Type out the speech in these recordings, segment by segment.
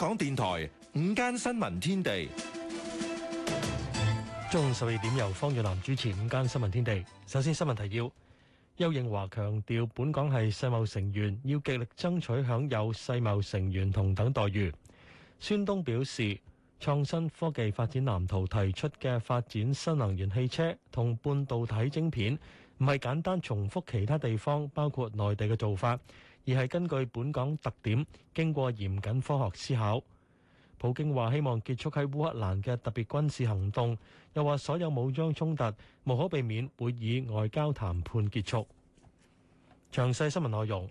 港電台午間新聞天地，中午十二點由方俊南主持午間新聞天地。首先新聞提要：邱應華強調，本港係世貿成員，要極力爭取享有世貿成員同等待遇。孫東表示，創新科技發展藍圖提出嘅發展新能源汽車同半導體晶片，唔係簡單重複其他地方，包括內地嘅做法。而係根據本港特點，經過嚴謹科學思考。普京話：希望結束喺烏克蘭嘅特別軍事行動，又話所有武裝衝突無可避免會以外交談判結束。詳細新聞內容，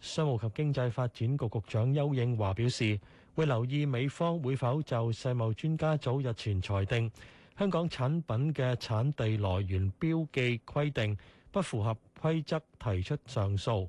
商務及經濟發展局局長邱騰華表示，會留意美方會否就世貿專家組日前裁定香港產品嘅產地來源標記規定不符合規則提出上訴。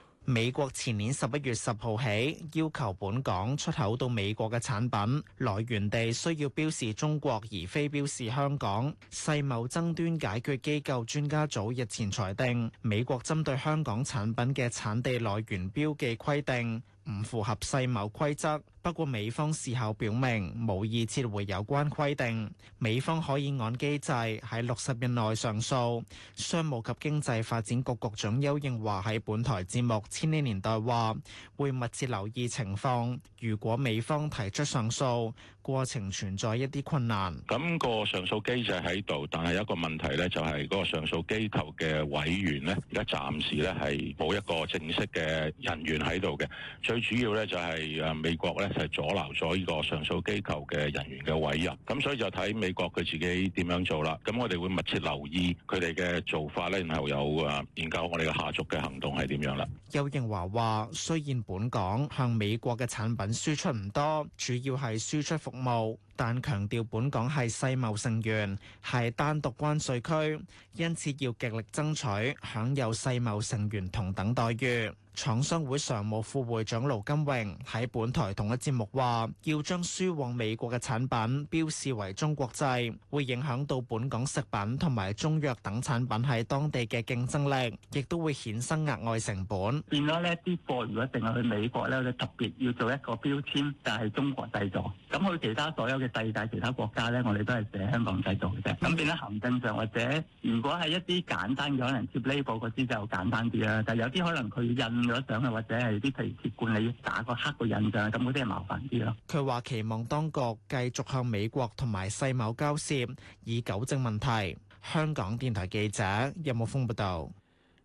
美國前年十一月十號起，要求本港出口到美國嘅產品來源地需要標示中國而非標示香港。世貿爭端解決機構專家組日前裁定，美國針對香港產品嘅產地來源標記規定唔符合世貿規則。不過美方事後表明，無意撤回有關規定。美方可以按機制喺六十日內上訴。商務及經濟發展局局長邱騰華喺本台節目《千年年代千禧年代》話，會密切留意情況。如果美方提出上訴，過程存在一啲困難。咁個上訴機制喺度，但係有一個問題呢，就係嗰個上訴機構嘅委員呢，而家暫時呢係冇一個正式嘅人員喺度嘅。最主要呢，就係誒美國呢。就係阻撓咗呢個上訴機構嘅人員嘅委任，咁所以就睇美國佢自己點樣做啦。咁我哋會密切留意佢哋嘅做法咧，然後有啊研究我哋嘅下續嘅行動係點樣啦。邱應樺話：雖然本港向美國嘅產品輸出唔多，主要係輸出服務，但強調本港係世貿成員，係單獨關稅區，因此要極力爭取享有世貿成員同等待遇。廠商會常務副會長盧金榮喺本台同一節目話，要將輸往美國嘅產品標示為中國製，會影響到本港食品同埋中藥等產品喺當地嘅競爭力，亦都會衍生額外成本。變咗呢啲貨如果淨係去美國咧，我哋特別要做一個標籤，就係中國製造。咁去其他所有嘅世界其他國家咧，我哋都係寫香港製造嘅啫。咁變咗行政上或者，如果係一啲簡單嘅，可能貼 label 嗰啲就簡單啲啦。但係有啲可能佢印。攞相啊，或者係啲皮管你要打個黑個印象，咁嗰啲係麻煩啲咯。佢話期望當局繼續向美國同埋世貿交涉，以糾正問題。香港電台記者任木峯報道，有有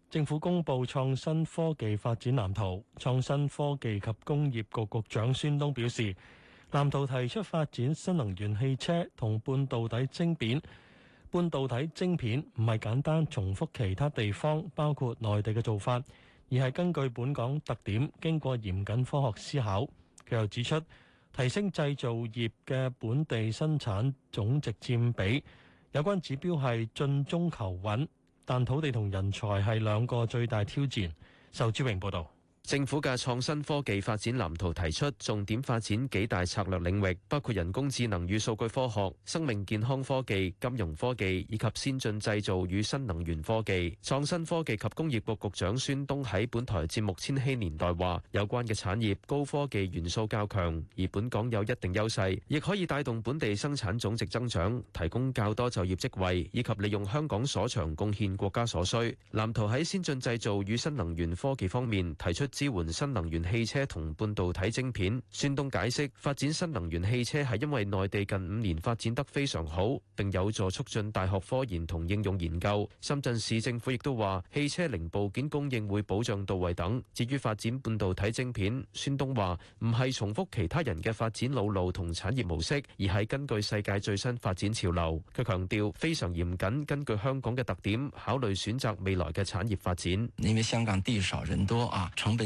政府公布創新科技發展藍圖，創新科技及工業局局長孫東表示，藍圖提出發展新能源汽車同半導體晶片。半導體晶片唔係簡單重複其他地方，包括內地嘅做法。而係根據本港特點，經過嚴謹科學思考。佢又指出，提升製造業嘅本地生產總值佔比，有關指標係進中求穩，但土地同人才係兩個最大挑戰。仇志榮報導。政府嘅創新科技發展藍圖提出重點發展幾大策略領域，包括人工智能與數據科學、生命健康科技、金融科技以及先進製造與新能源科技。創新科技及工業局局長孫東喺本台節目《千禧年代》話：有關嘅產業高科技元素較強，而本港有一定優勢，亦可以帶動本地生產總值增長，提供較多就業職位，以及利用香港所長貢獻國家所需。藍圖喺先進製造與新能源科技方面提出。支援新能源汽車同半導體晶片。孫東解釋，發展新能源汽車係因為內地近五年發展得非常好，並有助促進大學科研同應用研究。深圳市政府亦都話，汽車零部件供應會保障到位等。至於發展半導體晶片，孫東話唔係重複其他人嘅發展老路同產業模式，而係根據世界最新發展潮流。佢強調非常嚴謹，根據香港嘅特點考慮選擇未來嘅產業發展。因為香港地少人多啊，成本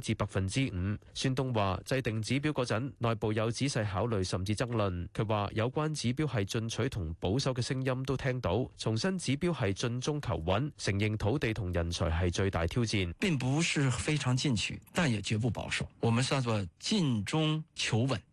至百分之五。孫東話制定指標嗰陣，內部有仔細考慮甚至爭論。佢話有關指標係進取同保守嘅聲音都聽到，重申指標係進中求穩，承認土地同人才係最大挑戰，並不是非常進取，但也絕不保守。我們算做進中求穩。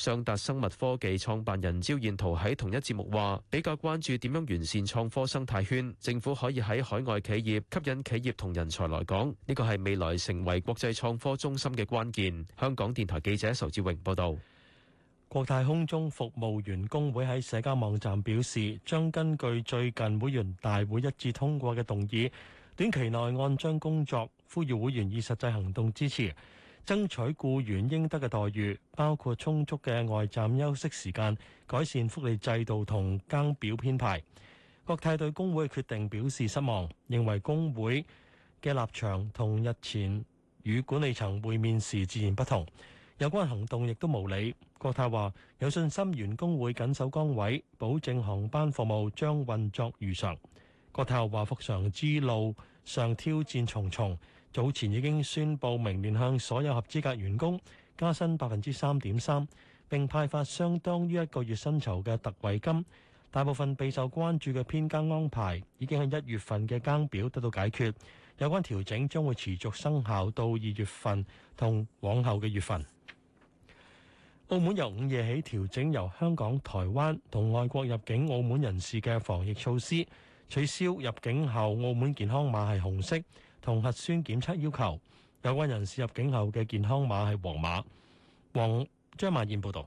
上達生物科技創辦人焦彥圖喺同一節目話，比較關注點樣完善創科生態圈，政府可以喺海外企業吸引企業同人才來港，呢個係未來成為國際創科中心嘅關鍵。香港電台記者仇志榮報道。國泰空中服務員工會喺社交網站表示，將根據最近會員大會一致通過嘅動議，短期內按章工作，呼籲會員以實際行動支持。爭取僱員應得嘅待遇，包括充足嘅外站休息時間、改善福利制度同更表編排。國泰對工會嘅決定表示失望，認為工會嘅立場同日前與管理層會面時截然不同。有關行動亦都無理。國泰話有信心，員工會緊守崗位，保證航班服務將運作如常。國泰又話復常之路上挑戰重重。早前已經宣布明年向所有合資格員工加薪百分之三點三，並派發相當於一個月薪酬嘅特惠金。大部分備受關注嘅編更安排已經喺一月份嘅更表得到解決，有關調整將會持續生效到二月份同往後嘅月份。澳門由午夜起調整由香港、台灣同外國入境澳門人士嘅防疫措施，取消入境後澳門健康碼係紅色同核酸檢測要求，有關人士入境後嘅健康碼係黃碼皇馬。黃張曼燕報道。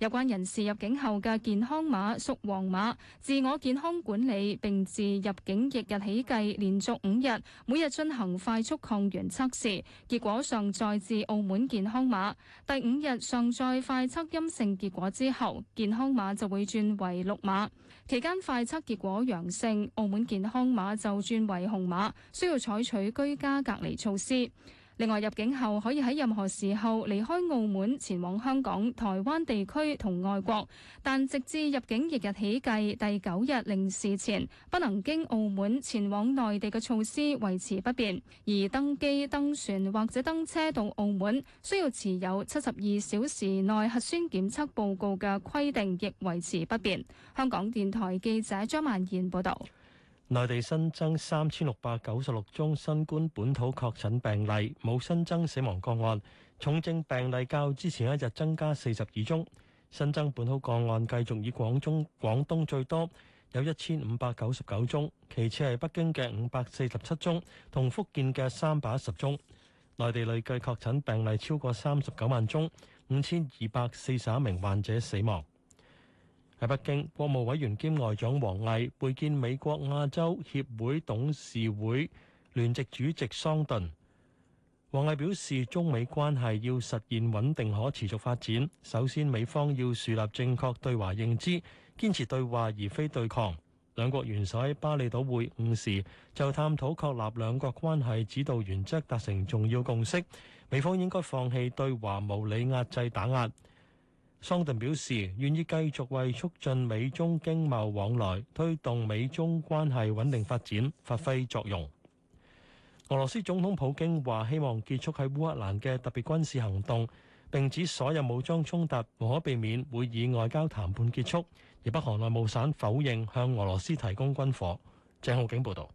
有關人士入境後嘅健康碼屬黃碼，自我健康管理並自入境翌日起計連續五日，每日進行快速抗原測試，結果上載至澳門健康碼。第五日上載快測陰性結果之後，健康碼就會轉為綠碼。期間快測結果陽性，澳門健康碼就轉為紅碼，需要採取居家隔離措施。另外，入境後可以喺任何時候離開澳門前往香港、台灣地區同外國，但直至入境翌日起計第九日零時前，不能經澳門前往內地嘅措施維持不變，而登機登船或者登車到澳門需要持有七十二小時內核酸檢測報告嘅規定亦維持不變，香港電台記者張曼燕報道。內地新增三千六百九十六宗新冠本土確診病例，冇新增死亡個案，重症病例較之前一日增加四十二宗。新增本土個案繼續以廣中廣東最多，有一千五百九十九宗，其次係北京嘅五百四十七宗，同福建嘅三百一十宗。內地累計確診病例超過三十九萬宗，五千二百四十一名患者死亡。喺北京，國務委員兼外長王毅會見美國亞洲協會董事會聯席主席桑頓。王毅表示，中美關係要實現穩定可持續發展，首先美方要樹立正確對華認知，堅持對話而非對抗。兩國元首喺巴厘島會晤時就探討確立兩國關係指導原則，達成重要共識。美方應該放棄對華無理壓制打壓。桑頓表示願意繼續為促進美中經貿往來、推動美中關係穩定發展發揮作用。俄羅斯總統普京話希望結束喺烏克蘭嘅特別軍事行動，並指所有武裝衝突無可避免會以外交談判結束。而北韓內務省否認向俄羅斯提供軍火。鄭浩景報導。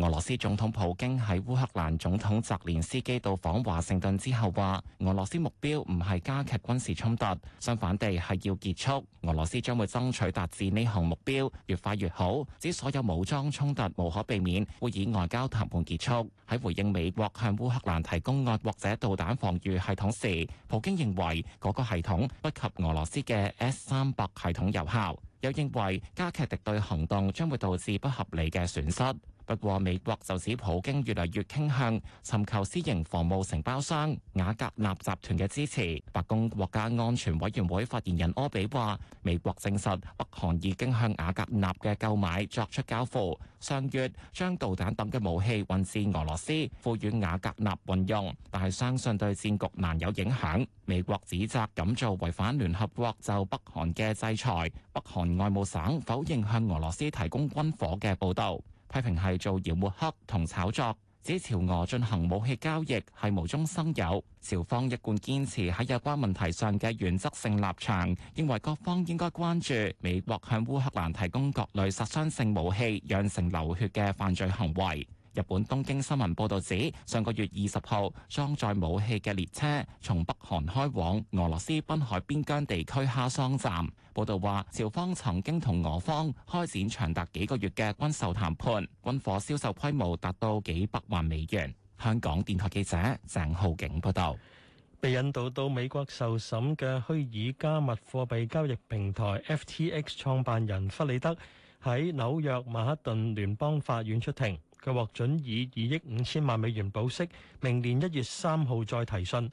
俄羅斯總統普京喺烏克蘭總統澤連斯基到訪華盛頓之後，話俄羅斯目標唔係加劇軍事衝突，相反地係要結束。俄羅斯將會爭取達至呢項目標，越快越好。指所有武裝衝突無可避免，會以外交談判結束。喺回應美國向烏克蘭提供愛國者導彈防禦系統時，普京認為嗰個系統不及俄羅斯嘅 S 三百系統有效，又認為加劇敵對行動將會導致不合理嘅損失。不過，美國就指普京越嚟越傾向尋求私營防務承包商雅格納集團嘅支持。白宮國家安全委員會發言人柯比話，美國證實北韓已經向雅格納嘅購買作出交付，上月將導彈等嘅武器運至俄羅斯，賦予雅格納運用，但係相信對戰局難有影響。美國指責咁做違反聯合國就北韓嘅制裁。北韓外務省否認向俄羅斯提供軍火嘅報導。批評係造謠抹黑同炒作，指朝俄進行武器交易係無中生有。朝方一貫堅持喺有關問題上嘅原則性立場，認為各方應該關注美國向烏克蘭提供各類殺傷性武器，釀成流血嘅犯罪行為。日本東京新聞報道指，上個月二十號，裝載武器嘅列車從北韓開往俄羅斯濱海邊疆地區哈桑站。報道話，朝方曾經同俄方開展長達幾個月嘅軍售談判，軍火銷售規模達到幾百萬美元。香港電台記者鄭浩景報道。被引導到美國受審嘅虛擬加密貨幣交易平台 FTX 創辦人弗里德喺紐約曼克頓聯邦法院出庭。又獲准以二億五千萬美元保釋，明年一月三號再提訊。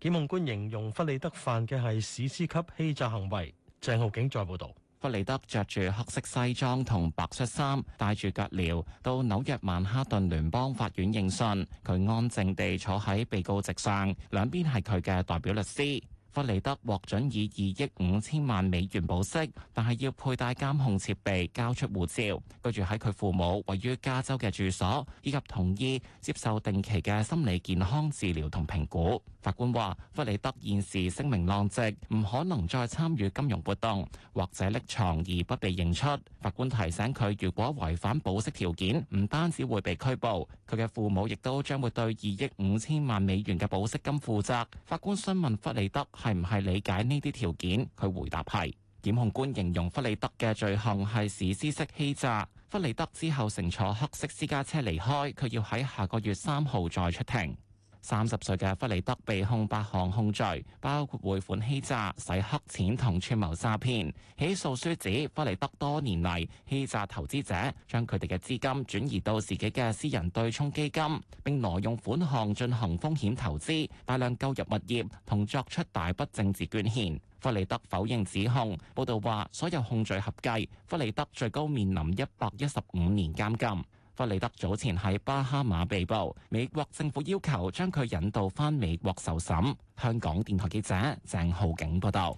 檢控官形容弗里德犯嘅係史詩級欺詐行為。鄭浩景再報道：弗里德着住黑色西裝同白恤衫，戴住腳鐐，到紐約曼哈頓聯邦法院應訊。佢安靜地坐喺被告席上，兩邊係佢嘅代表律師。弗里德獲准以二億五千萬美元保釋，但係要佩戴監控設備、交出護照、居住喺佢父母位於加州嘅住所，以及同意接受定期嘅心理健康治療同評估。法官話：弗里德現時聲名狼藉，唔可能再參與金融活動或者匿藏而不被認出。法官提醒佢，如果違反保釋條件，唔單止會被拘捕，佢嘅父母亦都將會對二億五千萬美元嘅保釋金負責。法官詢問弗里德。係唔係理解呢啲條件？佢回答係。檢控官形容弗里德嘅罪行係史詩式欺詐。弗里德之後乘坐黑色私家車離開，佢要喺下個月三號再出庭。三十歲嘅弗里德被控八項控罪，包括匯款欺詐、洗黑錢同串謀詐騙。起訴書指，弗里德多年嚟欺詐投資者，將佢哋嘅資金轉移到自己嘅私人對沖基金，並挪用款項進行風險投資，大量購入物業同作出大筆政治捐獻。弗里德否認指控。報道話，所有控罪合計，弗里德最高面臨一百一十五年監禁。巴里德早前喺巴哈馬被捕，美國政府要求將佢引渡翻美國受審。香港電台記者鄭浩景報道。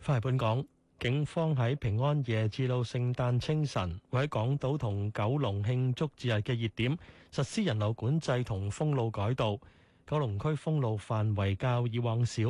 翻嚟本港，警方喺平安夜至到聖誕清晨，會喺港島同九龍慶祝節日嘅熱點，實施人流管制同封路改道。九龍區封路範圍較以往少。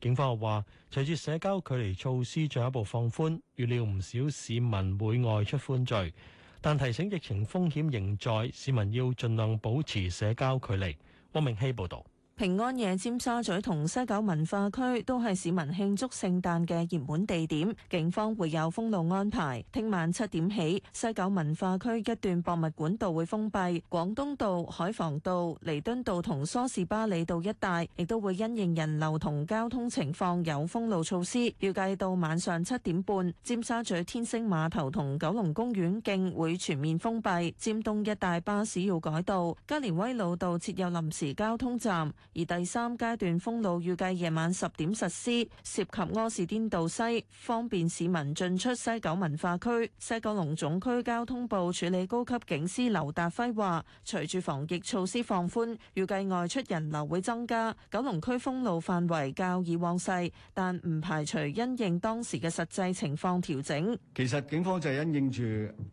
警方又話，隨住社交距離措施進一步放寬，預料唔少市民會外出歡聚。但提醒疫情風險仍在，市民要盡量保持社交距離。汪明希報道。平安夜，尖沙咀同西九文化區都係市民慶祝聖誕嘅熱門地點，警方會有封路安排。聽晚七點起，西九文化區一段博物館道會封閉，廣東道、海防道、彌敦道同梳士巴利道一帶亦都會因應人流同交通情況有封路措施。預計到晚上七點半，尖沙咀天星碼頭同九龍公園徑會全面封閉，尖東一帶巴士要改道，加連威老道設有臨時交通站。而第三階段封路預計夜晚十點實施，涉及柯士甸道西，方便市民進出西九文化區。西九龍總區交通部處理高級警司劉達輝話，隨住防疫措施放寬，預計外出人流會增加。九龍區封路範圍較以往細，但唔排除因應當時嘅實際情況調整。其實警方就係因應住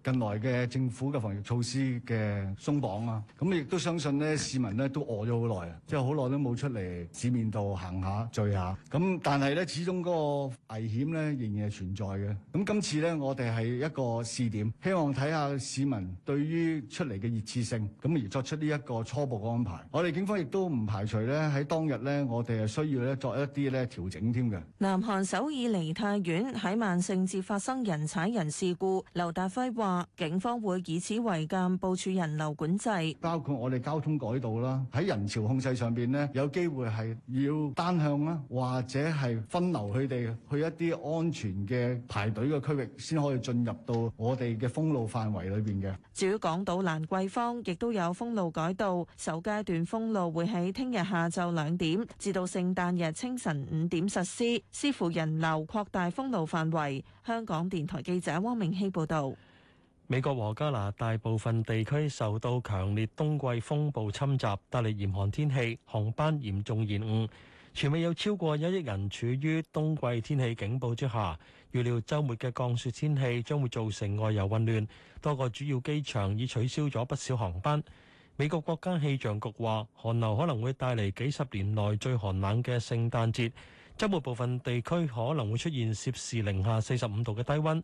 近來嘅政府嘅防疫措施嘅鬆綁啊，咁亦都相信咧市民咧都餓咗好耐啊，即係好耐，都冇出嚟市面度行下聚下，咁但係咧始終嗰個危險咧仍然係存在嘅。咁今次咧我哋係一個試點，希望睇下市民對於出嚟嘅熱切性，咁而作出呢一個初步嘅安排。我哋警方亦都唔排除咧喺當日咧，我哋係需要咧作一啲咧調整添嘅。南韓首爾梨泰院，喺萬聖節發生人踩人事故，劉達輝話警方會以此為鑑，部署人流管制，包括我哋交通改道啦，喺人潮控制上邊有機會係要單向啦，或者係分流佢哋去一啲安全嘅排隊嘅區域，先可以進入到我哋嘅封路範圍裏邊嘅。至於港島蘭桂坊，亦都有封路改道，首階段封路會喺聽日下晝兩點至到聖誕日清晨五點實施，視乎人流擴大封路範圍。香港電台記者汪明熙報導。美國和加拿大部分地區受到強烈冬季風暴侵襲，帶嚟嚴寒天氣，航班嚴重延誤。全美有超過一億人處於冬季天氣警報之下。預料週末嘅降雪天氣將會造成外遊混亂，多個主要機場已取消咗不少航班。美國國家氣象局話，寒流可能會帶嚟幾十年內最寒冷嘅聖誕節。周末部分地區可能會出現攝氏零下四十五度嘅低溫。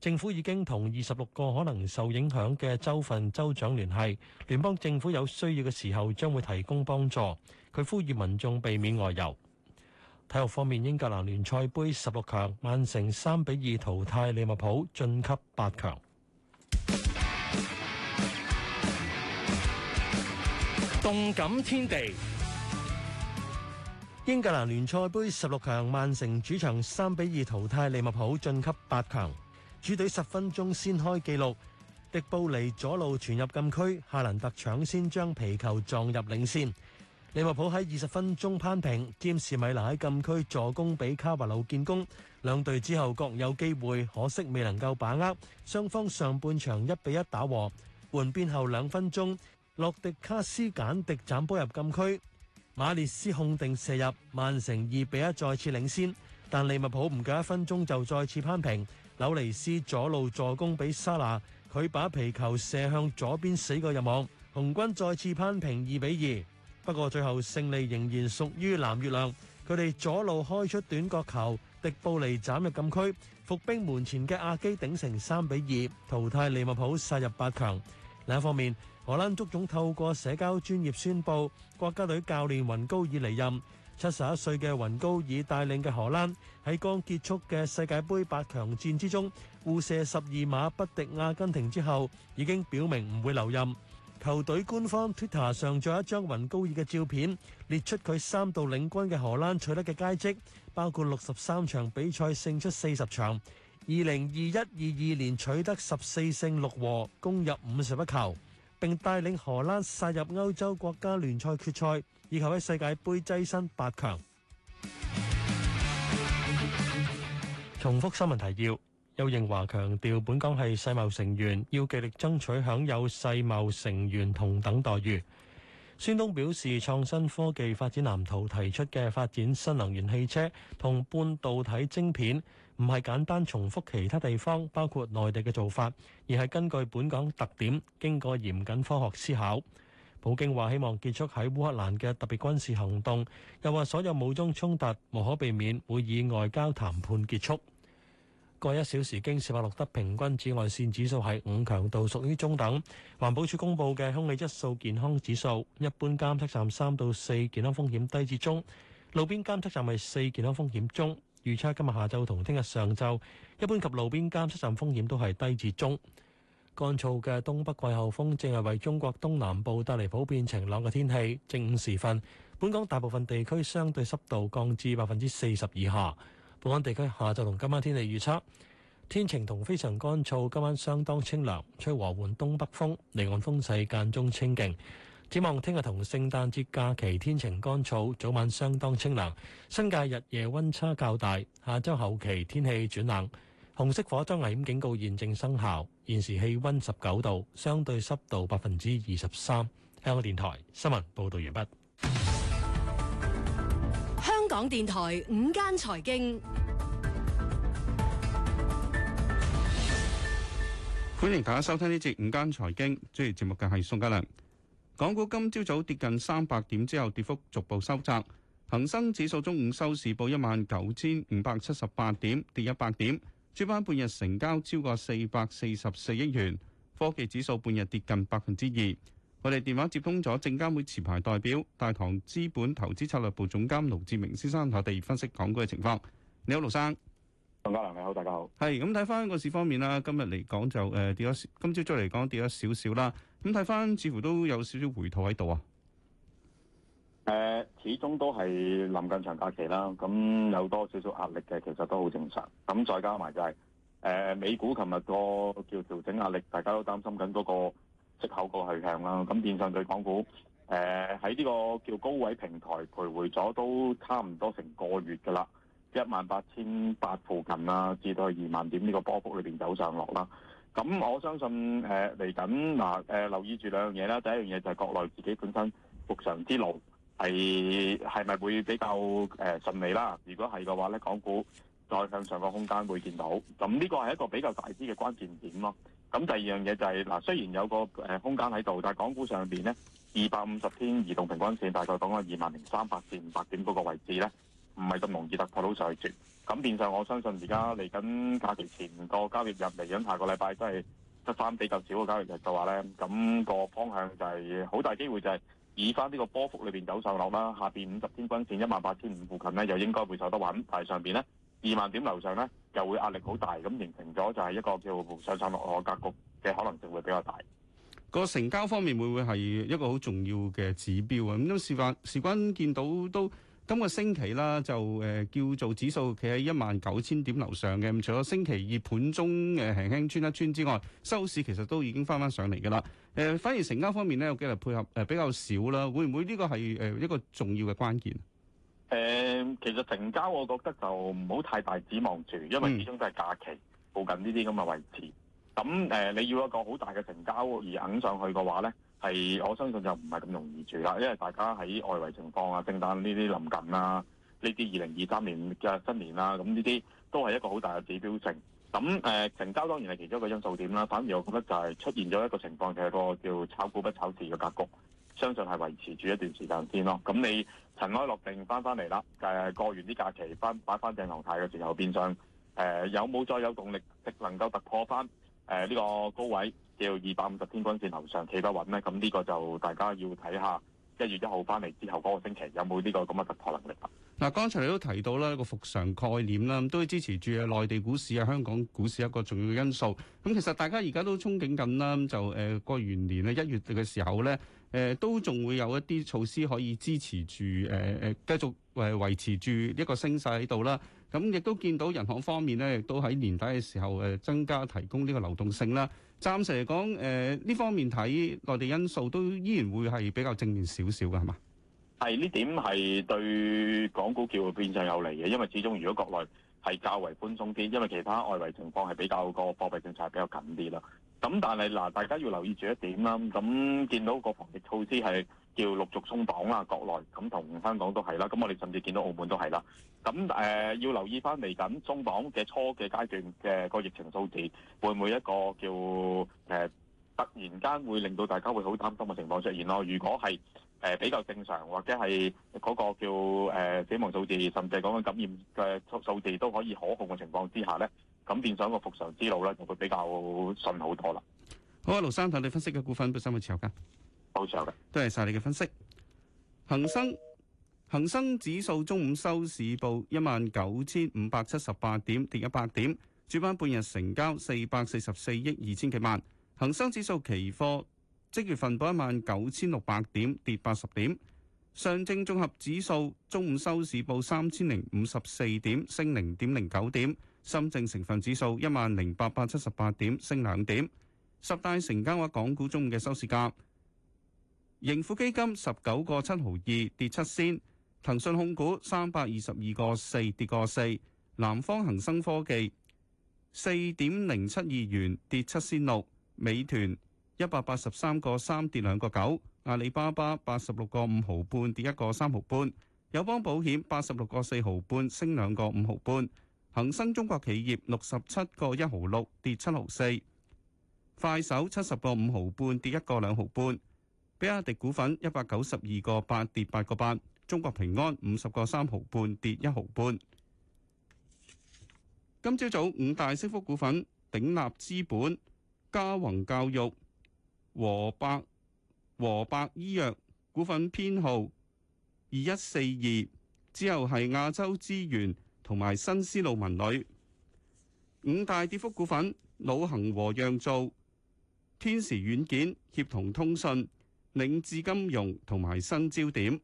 政府已經同二十六個可能受影響嘅州份州長聯繫，聯邦政府有需要嘅時候將會提供幫助。佢呼籲民眾避免外遊。體育方面，英格蘭聯賽杯十六強，曼城三比二淘汰利物浦，晉級八強。動感天地！英格蘭聯賽杯十六強，曼城主場三比二淘汰利物浦，晉級八強。主隊十分鐘先開紀錄，迪布尼左路傳入禁區，夏蘭特搶先將皮球撞入領先。利物浦喺二十分鐘攀平，佔士米拿喺禁區助攻，俾卡華路建功。兩隊之後各有機會，可惜未能夠把握。雙方上半場一比一打和，換邊後兩分鐘，洛迪卡斯簡迪斬波入禁區，馬列斯控定射入，曼城二比一再次領先。但利物浦唔夠一分鐘就再次攀平。紐尼斯左路助攻俾沙拿，佢把皮球射向左邊死角入網，紅軍再次攀平二比二。不過最後勝利仍然屬於藍月亮，佢哋左路開出短角球，迪布尼斬入禁區，伏兵門前嘅阿基頂成三比二，淘汰利物浦殺入八強。另一方面，荷蘭足總透過社交專業宣布，國家隊教練雲高爾離任。七十一歲嘅雲高爾帶領嘅荷蘭喺剛結束嘅世界盃八強戰之中，互射十二碼不敵阿根廷之後，已經表明唔會留任。球隊官方 Twitter 上載一張雲高爾嘅照片，列出佢三度領軍嘅荷蘭取得嘅佳績，包括六十三場比賽勝出四十場，二零二一二二年取得十四勝六和，攻入五十一球。並帶領荷蘭殺入歐洲國家聯賽決賽，以及喺世界盃躋身八強。重複新聞提要：邱應華強調，本港係世貿成員，要極力爭取享有世貿成員同等待遇。孫東表示，創新科技發展藍圖提出嘅發展新能源汽車同半導體晶片唔係簡單重複其他地方，包括內地嘅做法，而係根據本港特點，經過嚴謹科學思考。普京話希望結束喺烏克蘭嘅特別軍事行動，又話所有武裝衝突無可避免會以外交談判結束。過去一小時京士柏錄得平均紫外線指數係五強度，屬於中等。環保署公佈嘅空氣質素健康指數，一般監測站三到四健康風險低至中，路邊監測站係四健康風險中。預測今日下晝同聽日上晝，一般及路邊監測站風險都係低至中。乾燥嘅東北季候風正係為中國東南部帶嚟普遍晴朗嘅天氣。正午時分，本港大部分地區相對濕度降至百分之四十以下。本港地區下晝同今晚天氣預測，天晴同非常乾燥，今晚相當清涼，吹和緩東北風，離岸風勢間中清勁。展望聽日同聖誕節假期天晴乾燥，早晚相當清涼。新界日夜溫差較大。下周後期天氣轉冷。紅色火災危險警告現正生效。現時氣溫十九度，相對濕度百分之二十三。香港電台新聞報道完畢。香港電台午間財經，歡迎大家收聽呢節午間財經。主持節目嘅係宋家良。港股今朝早跌近三百點之後，跌幅逐步收窄。恒生指數中午收市報一萬九千五百七十八點，跌一百點。主板半日成交超過四百四十四億元。科技指數半日跌近百分之二。我哋電話接通咗證監會持牌代表、大唐資本投資策略部總監盧志明先生，我哋分析港股嘅情況。你好，盧生。陳家良你好，大家好。係咁睇翻個市方面啦，今日嚟講就誒跌咗，今朝再嚟講跌咗少少啦。咁睇翻，似乎都有少少回吐喺度啊。誒、呃，始終都係臨近長假期啦，咁有多少少壓力嘅，其實都好正常。咁再加埋就係、是、誒、呃、美股琴日個叫調整壓力，大家都擔心緊嗰個息口個去向啦。咁變相對港股誒喺呢個叫高位平台徘徊咗都差唔多成個月噶啦。一萬八千八附近啦，至到去二萬點呢個波幅裏邊走上落啦。咁、嗯、我相信誒嚟緊嗱誒，留意住兩樣嘢啦。第一樣嘢就係、是、國內自己本身復常之路係係咪會比較誒順、呃、利啦？如果係嘅話咧，港股再向上個空間會見到。咁、嗯、呢、這個係一個比較大啲嘅關鍵點咯。咁第二樣嘢就係嗱，雖然有個誒、呃、空間喺度，但係港股上邊咧二百五十天移動平均線大概講緊二萬零三百至五百點嗰個位置咧。唔係咁容易突破到上去跌，咁變相我相信而家嚟緊假期前個交易日，嚟緊下個禮拜，即係得三比較少個交易日，就話咧，咁、那個方向就係、是、好大機會就係、是、以翻呢個波幅裏邊走上落啦，下邊五十天均線一萬八千五附近咧，又應該會走得穩，但係上邊咧二萬點樓上咧，又會壓力好大，咁形成咗就係一個叫上上落落格局嘅可能性會比較大。個成交方面會唔會係一個好重要嘅指標啊？咁因為時發時均見到都。今個星期啦，就誒、呃、叫做指數企喺一萬九千點樓上嘅。咁除咗星期二盤中誒輕輕穿一穿之外，收市其實都已經翻翻上嚟嘅啦。誒、呃，反而成交方面咧，我幾日配合誒比較少啦。會唔會呢個係誒、呃、一個重要嘅關鍵？誒、呃，其實成交我覺得就唔好太大指望住，因為始終都係假期、嗯、附近呢啲咁嘅位置。咁誒、呃，你要一個好大嘅成交而揞上去嘅話咧？係，我相信就唔係咁容易住啦，因為大家喺外圍情況啊、聖誕呢啲臨近啦、啊、呢啲二零二三年嘅新年啦、啊，咁呢啲都係一個好大嘅指標性。咁誒、呃、成交當然係其中一個因素點啦。反而我覺得就係出現咗一個情況，就係、是、個叫炒股不炒市嘅格局，相信係維持住一段時間先咯。咁你塵埃落定翻翻嚟啦，誒、呃、過完啲假期，翻擺翻正行態嘅時候，變相誒、呃、有冇再有動力能夠突破翻誒呢個高位？要二百五十天均線頭上企得穩咧，咁呢個就大家要睇下一月一號翻嚟之後嗰個星期有冇呢個咁嘅突破能力啊！嗱，剛才你都提到啦，個復常概念啦，都會支持住內地股市啊、香港股市一個重要嘅因素。咁其實大家而家都憧憬緊啦，就誒過完年咧一月嘅時候咧，誒、呃、都仲會有一啲措施可以支持住誒誒繼續誒維持住一個升勢喺度啦。咁亦都見到銀行方面咧，亦都喺年底嘅時候誒、呃、增加提供呢個流動性啦。暫時嚟講，誒、呃、呢方面睇內地因素都依然會係比較正面少少嘅，係嘛？係呢點係對港股叫變相有利嘅，因為始終如果國內係較為寬鬆啲，因為其他外圍情況係比較個貨幣政策比較緊啲啦。咁但係嗱，大家要留意住一點啦。咁見到個防疫措施係，叫陸續鬆綁啦，國內咁同香港都係啦，咁我哋甚至見到澳門都係啦。咁誒要留意翻嚟緊鬆綁嘅初期階段嘅個疫情數字，會唔會一個叫誒突然間會令到大家會好擔心嘅情況出現咯？如果係誒比較正常，或者係嗰個叫誒死亡數字，甚至係講緊感染嘅數字都可以可控嘅情況之下咧，咁變相個復常之路咧，就會比較順好多啦。好啊，盧生，等你分析嘅股份，不三嘅持有好嘅，多謝晒你嘅分析。恒生恒生指數中午收市報一萬九千五百七十八點，跌一百點。主板半日成交四百四十四億二千幾萬。恒生指數期貨即月份報一萬九千六百點，跌八十點。上證綜合指數中午收市報三千零五十四點，升零點零九點。深證成分指數一萬零八百七十八點，升兩點。十大成交嘅港股中午嘅收市價。盈富基金十九個七毫二跌七仙，騰訊控股三百二十二個四跌個四，南方恒生科技四點零七二元跌七仙六，美團一百八十三個三跌兩個九，阿里巴巴八十六個五毫半跌一個三毫半，友邦保險八十六個四毫半升兩個五毫半，恒生中國企業六十七個一毫六跌七毫四，快手七十個五毫半跌一個兩毫半。比亞迪股份一百九十二個八跌八個八，中國平安五十個三毫半跌一毫半。今朝早，早五大升幅股份：鼎立資本、嘉宏教育、和鉑和鉑醫藥股份編號二一四二。42，之後係亞洲資源同埋新思路文旅。五大跌幅股份：老恒和釀造、天時軟件、協同通訊。領智金融同埋新焦點，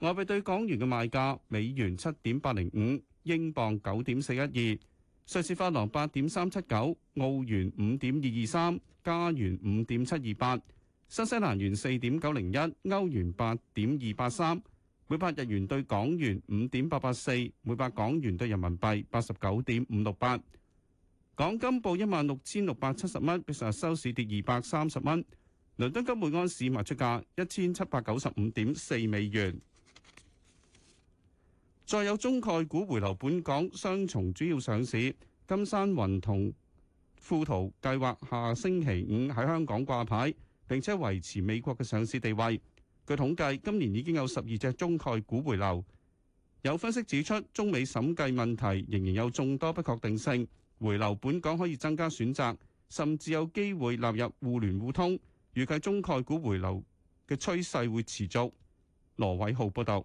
外幣對港元嘅賣價：美元七點八零五，英鎊九點四一二，瑞士法郎八點三七九，澳元五點二二三，加元五點七二八，新西蘭元四點九零一，歐元八點二八三，每百日元對港元五點八八四，每百港元對人民幣八十九點五六八。港金報一萬六千六百七十蚊，比上日收市跌二百三十蚊。倫敦金每安士賣出價一千七百九十五點四美元。再有中概股回流本港，雙重主要上市金山雲同富途計劃下星期五喺香港掛牌，並且維持美國嘅上市地位。據統計，今年已經有十二隻中概股回流。有分析指出，中美審計問題仍然有眾多不確定性，回流本港可以增加選擇，甚至有機會納入互聯互通。預計中概股回流嘅趨勢會持續。羅偉浩報導。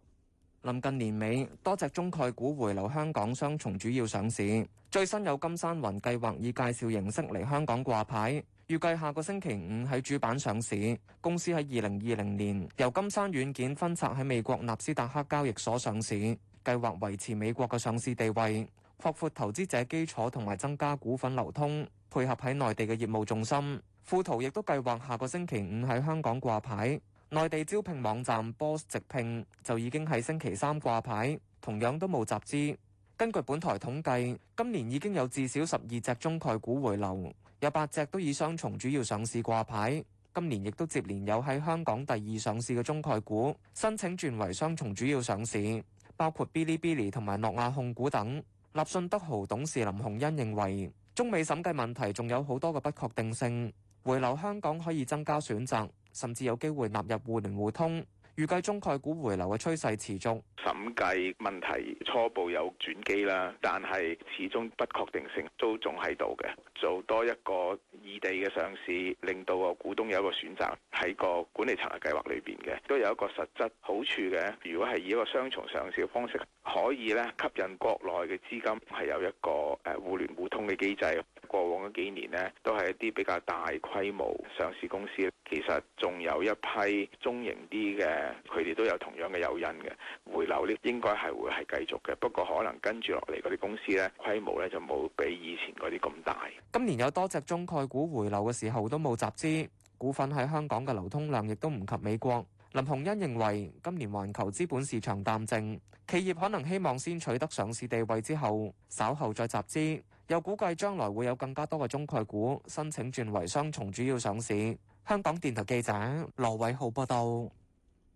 臨近年尾，多隻中概股回流香港雙重主要上市。最新有金山雲計劃以介紹形式嚟香港掛牌，預計下個星期五喺主板上市。公司喺二零二零年由金山軟件分拆喺美國納斯達克交易所上市，計劃維持美國嘅上市地位，擴闊投資者基礎同埋增加股份流通，配合喺內地嘅業務重心。富途亦都計劃下個星期五喺香港掛牌，內地招聘網站 Boss 直聘就已經喺星期三掛牌，同樣都冇集資。根據本台統計，今年已經有至少十二隻中概股回流，有八隻都以雙重主要上市掛牌。今年亦都接連有喺香港第二上市嘅中概股申請轉為雙重主要上市，包括 Bilibili 同埋諾亞控股等。立信德豪董事林鴻恩認為，中美審計問題仲有好多個不確定性。回流香港可以增加選擇，甚至有機會納入互聯互通。預計中概股回流嘅趨勢持續，審計問題初步有轉機啦，但係始終不確定性都仲喺度嘅。做多一個異地嘅上市，令到個股東有一個選擇喺個管理層嘅計劃裏邊嘅，都有一個實質好處嘅。如果係以一個雙重上市嘅方式，可以咧吸引國內嘅資金，係有一個誒互聯互通嘅機制。過往嗰幾年呢，都係一啲比較大規模上市公司，其實仲有一批中型啲嘅。佢哋都有同樣嘅誘因嘅回流，呢應該係會係繼續嘅。不過可能跟住落嚟嗰啲公司咧規模咧就冇比以前嗰啲咁大。今年有多隻中概股回流嘅時候都冇集資，股份喺香港嘅流通量，亦都唔及美國。林洪恩認為今年環球資本市場淡靜，企業可能希望先取得上市地位之後稍後再集資，又估計將來會有更加多嘅中概股申請轉為雙重主要上市。香港電台記者羅偉浩報道。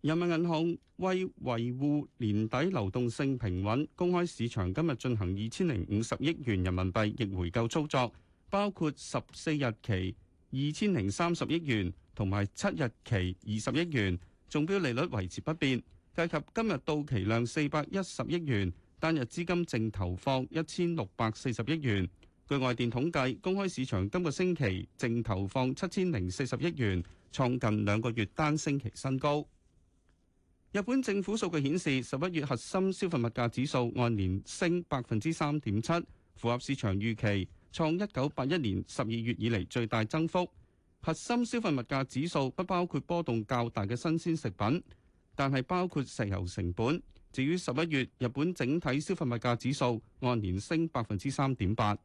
人民銀行為維護年底流動性平穩，公開市場今日進行二千零五十億元人民幣逆回購操作，包括十四日期二千零三十億元，同埋七日期二十億元，中標利率維持不變。計及今日到期量四百一十億元，單日資金淨投放一千六百四十億元。據外電統計，公開市場今個星期淨投放七千零四十億元，創近兩個月單星期新高。日本政府數據顯示，十一月核心消費物價指數按年升百分之三點七，符合市場預期，創一九八一年十二月以嚟最大增幅。核心消費物價指數不包括波動較大嘅新鮮食品，但係包括石油成本。至於十一月日本整體消費物價指數按年升百分之三點八。